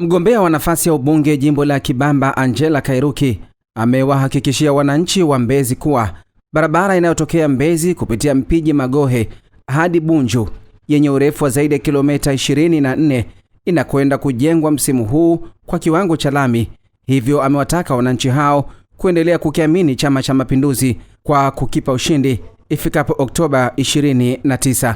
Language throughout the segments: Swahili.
Mgombea wa nafasi ya ubunge jimbo la Kibamba Angela Kairuki amewahakikishia wananchi wa Mbezi kuwa barabara inayotokea Mbezi kupitia Mpiji Magohe hadi Bunju yenye urefu wa zaidi ya kilomita 24 inakwenda kujengwa msimu huu kwa kiwango cha lami. Hivyo amewataka wananchi hao kuendelea kukiamini Chama cha Mapinduzi kwa kukipa ushindi ifikapo Oktoba 29.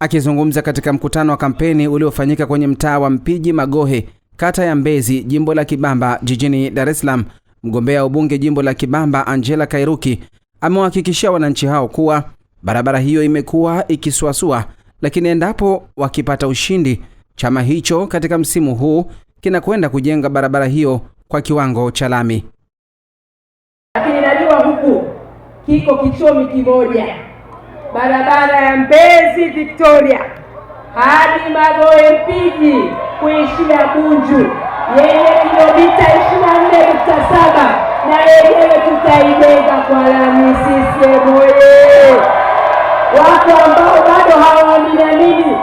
Akizungumza katika mkutano wa kampeni uliofanyika kwenye mtaa wa Mpiji Magohe kata ya Mbezi, jimbo la Kibamba, jijini Dar es Salaam, mgombea ubunge jimbo la Kibamba Angela Kairuki amewahakikishia wananchi hao kuwa barabara hiyo imekuwa ikisuasua, lakini endapo wakipata ushindi, chama hicho katika msimu huu kinakwenda kujenga barabara hiyo kwa kiwango cha lami. Lakini najua huku kiko kichomi kimoja, barabara ya Mbezi Victoria hadi Magoe Mpiji kuishia Bunju yenye kilomita ishirini na nne nukta saba na yenyewe tutaibeba kwa lami. CCM oyee! Wako ambao bado hawaamini,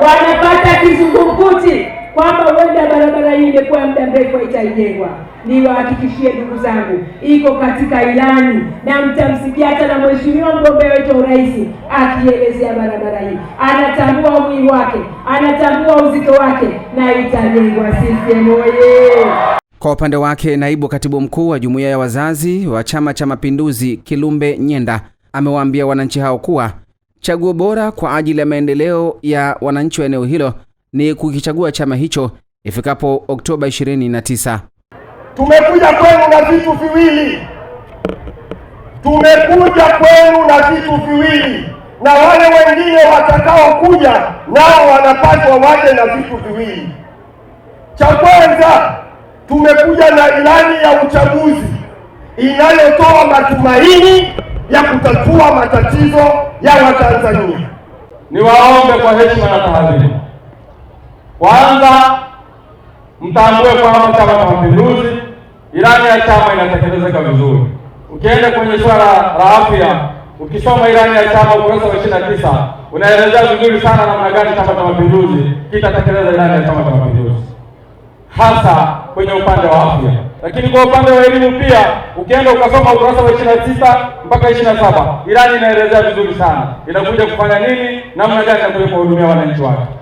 wamepata kizungumkuti kwamba huenda barabara hii imekuwa muda mrefu haitaijengwa. Niwahakikishie ndugu zangu, iko katika ilani na mtamsikia hata na mheshimiwa mgombea wetu wa urais akielezea barabara hii. Anatambua umuhimu wake, anatambua uzito wake na itajengwa. CCM oyee! Kwa upande wake, naibu katibu mkuu wa jumuiya ya wazazi wa Chama cha Mapinduzi Kilumbe Nyenda amewaambia wananchi hao kuwa chaguo bora kwa ajili ya maendeleo ya wananchi wa eneo hilo ni kukichagua chama hicho ifikapo Oktoba 29. Tumekuja kwenu na vitu viwili, tumekuja kwenu na vitu viwili, na wale wengine watakaokuja nao wanapaswa waje na vitu viwili. Cha kwanza, tumekuja na ilani ya uchaguzi inayotoa matumaini ya kutatua matatizo ya Watanzania. Niwaombe kwa heshima na tahadhari kwanza mtambue kwamba Chama cha Mapinduzi ilani ya chama inatekelezeka vizuri. Ukienda kwenye swala la afya, ukisoma ilani ya chama ukurasa wa ishirini na tisa unaelezea vizuri sana namna gani Chama cha Mapinduzi kitatekeleza ilani ya Chama cha Mapinduzi hasa kwenye upande wa afya. Lakini kwa upande wa elimu pia ukienda ukasoma ukurasa wa ishirini na tisa mpaka ishirini na saba ilani inaelezea vizuri sana inakuja kufanya nini, namna gani itakuja kuwahudumia wananchi wake.